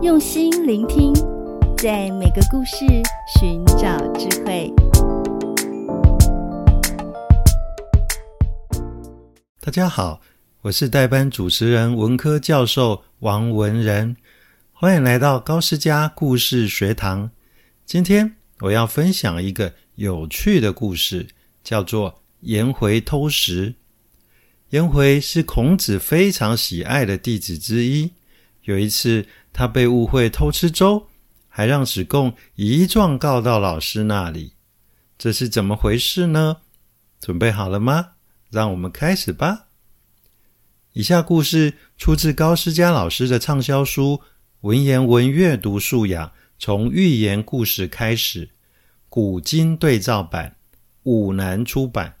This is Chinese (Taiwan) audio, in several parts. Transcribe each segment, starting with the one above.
用心聆聽，在每個故事尋找智慧。大家好，我是代班主持人文科教授王文仁，歡迎來到高詩佳故事學堂。今天我要分享一個有趣的故事，叫做《顏回偷食》。顏回是孔子非常喜愛的弟子之一。有一次，他被誤會偷吃粥，還讓子貢一狀告到老師那裡。這是怎麼回事呢？準備好了嗎？讓我們開始吧。以下故事出自高詩佳老師的暢銷書《文言文閱讀素養：從寓言故事開始》，古今對照版，五南出版。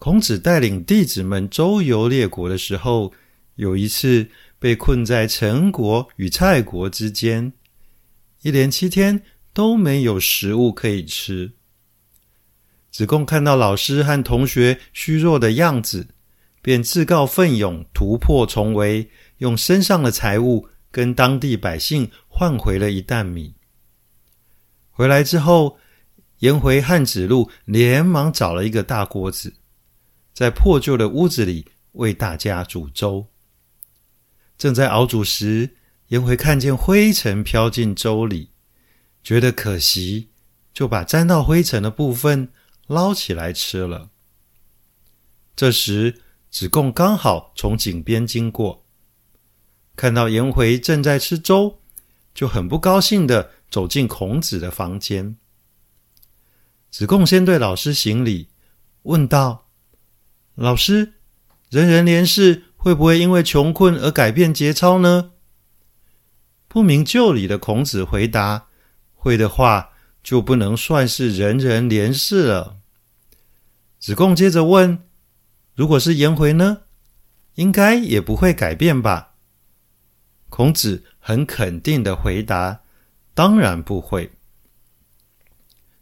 孔子帶領弟子們周遊列國的時候，有一次，被困在陳國與蔡國之間，一連七天都沒有食物可以吃。子貢看到老師和同學虛弱的樣子，便自告奮勇突破重圍，用身上的財物跟當地百姓換回了一擔米。回來之後，顏回和子路連忙找了一個大鍋子，在破舊的屋子裡為大家煮粥。正在熬煮時，顏回看見灰塵飄進粥裡，覺得可惜，就把沾到灰塵的部分撈起來吃了。這時，子貢剛好從井邊經過，看到顏回正在吃粥，就很不高興的走進孔子的房間。子貢先對老師行禮，問道：“老師，仁人廉士。”會不會因為窮困而改變節操呢？不明就裡的孔子回答：“會的話，就不能算是仁人廉士了。”子貢接着問：“如果是顏回呢？應該也不會改變吧？”孔子很肯定的回答：“當然不會。”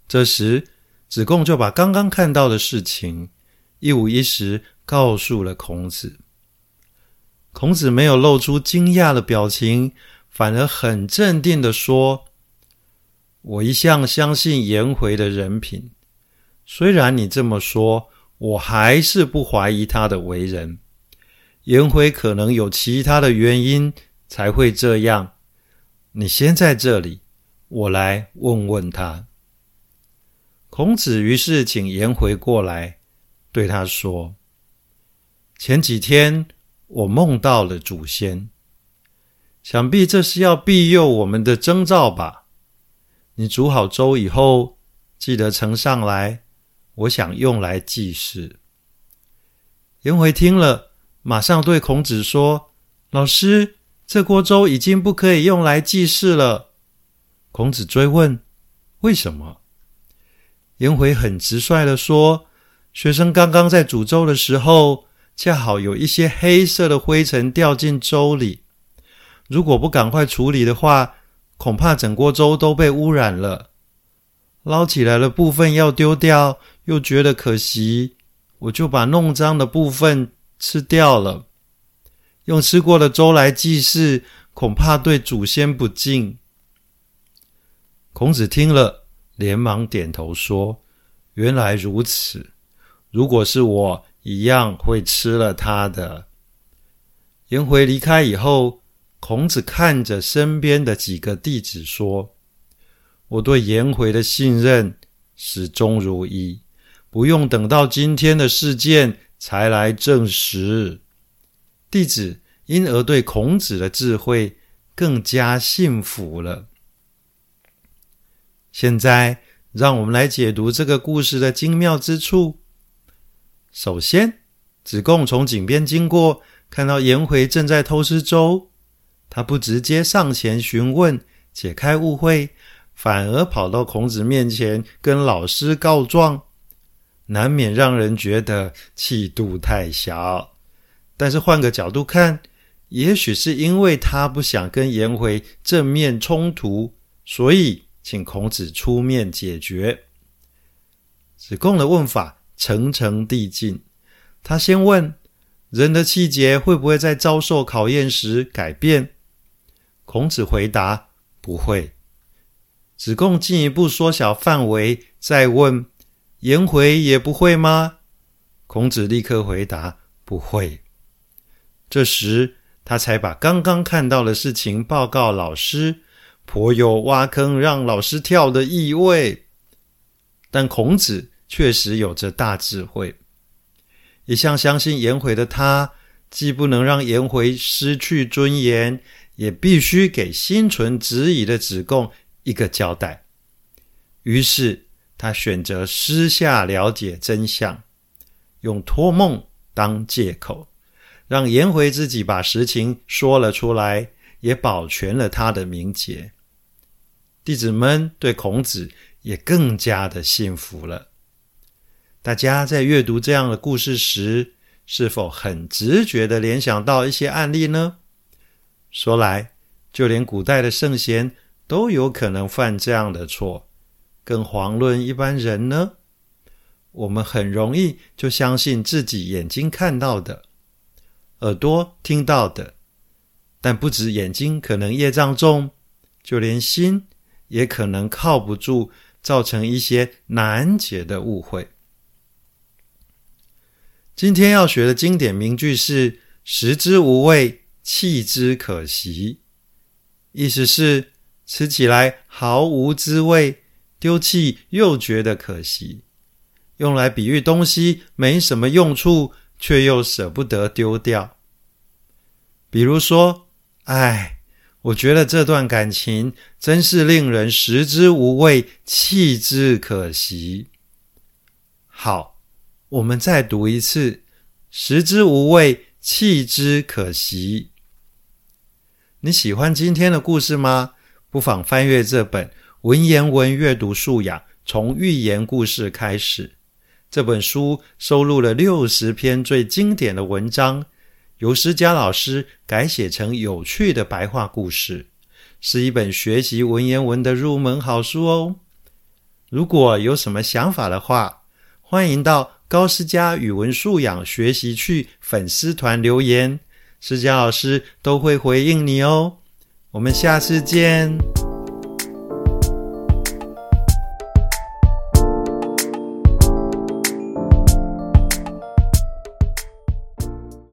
這時，子貢就把剛剛看到的事情一五一十告訴了孔子。孔子沒有露出驚訝的表情，反而很鎮定地說：“我一向相信顏回的人品，雖然你這麼說，我還是不懷疑他的為人。顏回可能有其他的原因才會這樣。你先在這裡，我來問問他。”孔子於是請顏回過來，對他說：“前幾天。”我夢到了祖先，想必這是要庇佑我們的徵兆吧？你煮好粥以後，記得呈上來，我想用來祭祀。顏回聽了，馬上對孔子說：“老師，這鍋粥已經不可以用來祭祀了。”孔子追問：“為什麼？”顏回很直率的說：“學生剛剛在煮粥的時候。”恰好有一些黑色的灰塵掉進粥裡，如果不趕快處理的話，恐怕整鍋粥都被污染了。撈起來的部分要丟掉，又覺得可惜，我就把弄髒的部分吃掉了。用吃過的粥來祭祀，恐怕對祖先不敬。孔子聽了，連忙點頭說：“原來如此，如果是我。”一樣會吃了他的。顏回離開以後，孔子看着身邊的幾個弟子說：“我對顏回的信任始終如一，不用等到今天的事件才來證實。”弟子因而對孔子的智慧更加信服了。現在，讓我們來解讀這個故事的精妙之處。首先，子貢從井邊經過，看到顏回正在偷吃粥，他不直接上前詢問，解開誤會，反而跑到孔子面前跟老師告狀，難免讓人覺得氣度太小。但是換個角度看，也許是因為他不想跟顏回正面衝突，所以請孔子出面解決。子貢的問法。層層遞進。他先問人的氣節會不會在遭受考驗時改變？孔子回答不會。子貢進一步縮小範圍，再問顏回也不會嗎？孔子立刻回答不會。這時他才把剛剛看到的事情報告老師，頗有挖坑讓老師跳的意味。但孔子，確實有着大智慧，一向相信顏回的他，既不能讓顏回失去尊嚴，也必須給心存質疑的子貢一個交代。於是，他選擇私下了解真相，用托夢當借口，讓顏回自己把實情說了出來，也保全了他的名節。弟子們對孔子也更加的信服了。大家在閱讀這樣的故事時，是否很直覺的聯想到一些案例呢？說來，就連古代的聖賢都有可能犯這樣的錯，更遑論一般人呢？我們很容易就相信自己眼睛看到的、耳朵聽到的，但不止眼睛可能業障重，就連心也可能靠不住，造成一些難解的誤會。今天要學的經典名句是“食之無味，棄之可惜”，意思是吃起來毫無滋味，丟棄又覺得可惜，用來比喻東西沒什麼用處，卻又捨不得丟掉。比如說，唉，我覺得這段感情真是令人食之無味，棄之可惜。好。我們再讀一次：“食之無味，棄之可惜。”你喜歡今天的故事嗎？不妨翻閱這本《文言文閱讀素養：從寓言故事開始》。這本書收錄了六十篇最經典的文章，由詩佳老師改寫成有趣的白話故事，是一本學習文言文的入門好書哦。如果有什麼想法的話，歡迎到。高詩佳語文素養學習區，粉絲團留言，詩佳老師都會回應你哦。我們下次見。